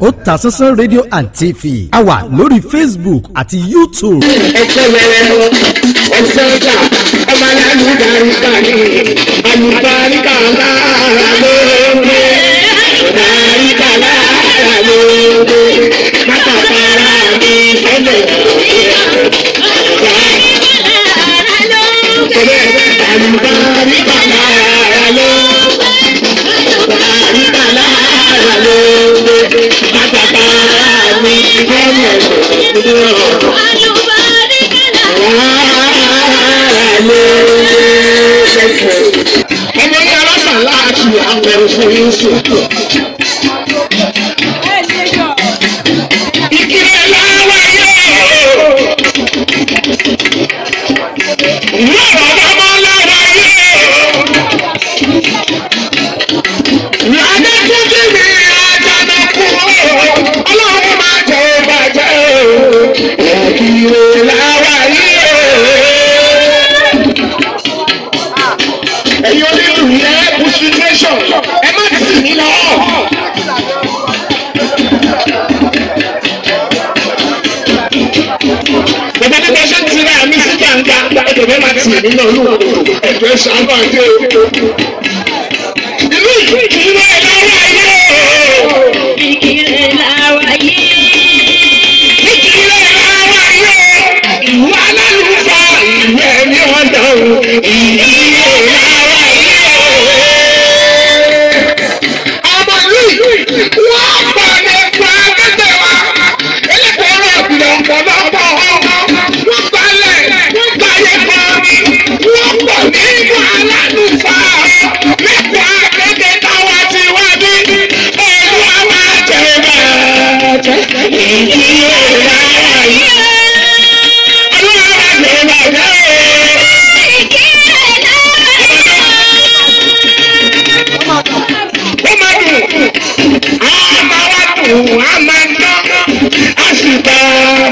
Otasansan Radio and TV a wà lórí Facebook àti YouTube. ẹ̀sẹ̀ wẹ̀rẹ̀ ẹ̀sẹ̀ ọjà ẹ̀ máa. ọmọ yẹn alásàlá àti àwọn ẹ̀rọ fún yín sí. ẹ̀jẹ̀ mẹ́ta tì nínú olúwo ẹ̀jẹ̀ ṣàánú àti èkó.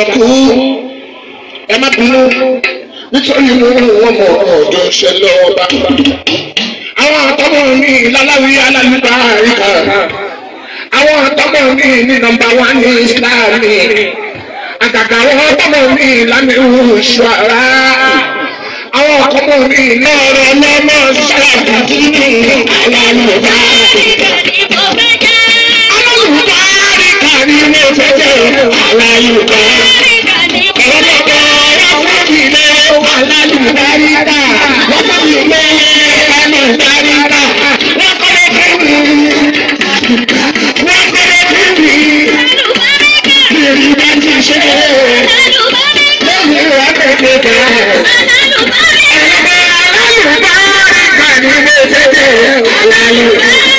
lọ́kàn yín ẹ má bínú nítorí mo ń wọ́n mọ̀ ọ̀dọ́ ṣẹlẹ̀ ọba. àwọn àtọ́mọ mi láláwí alálùbá àríkà àwọn àtọ́mọ mi ní nọ́mbà wán ní Islam àgàgà àwọn àtọ́mọ mi lánàá ìwò ìṣúra àwọn àtọ́mọ mi náà rẹ lọ́mọ ṣàlàyé ní alálùbá alálùbá àríkà ní ilé ìfẹ́jẹ̀ alálùbá. I Thank you.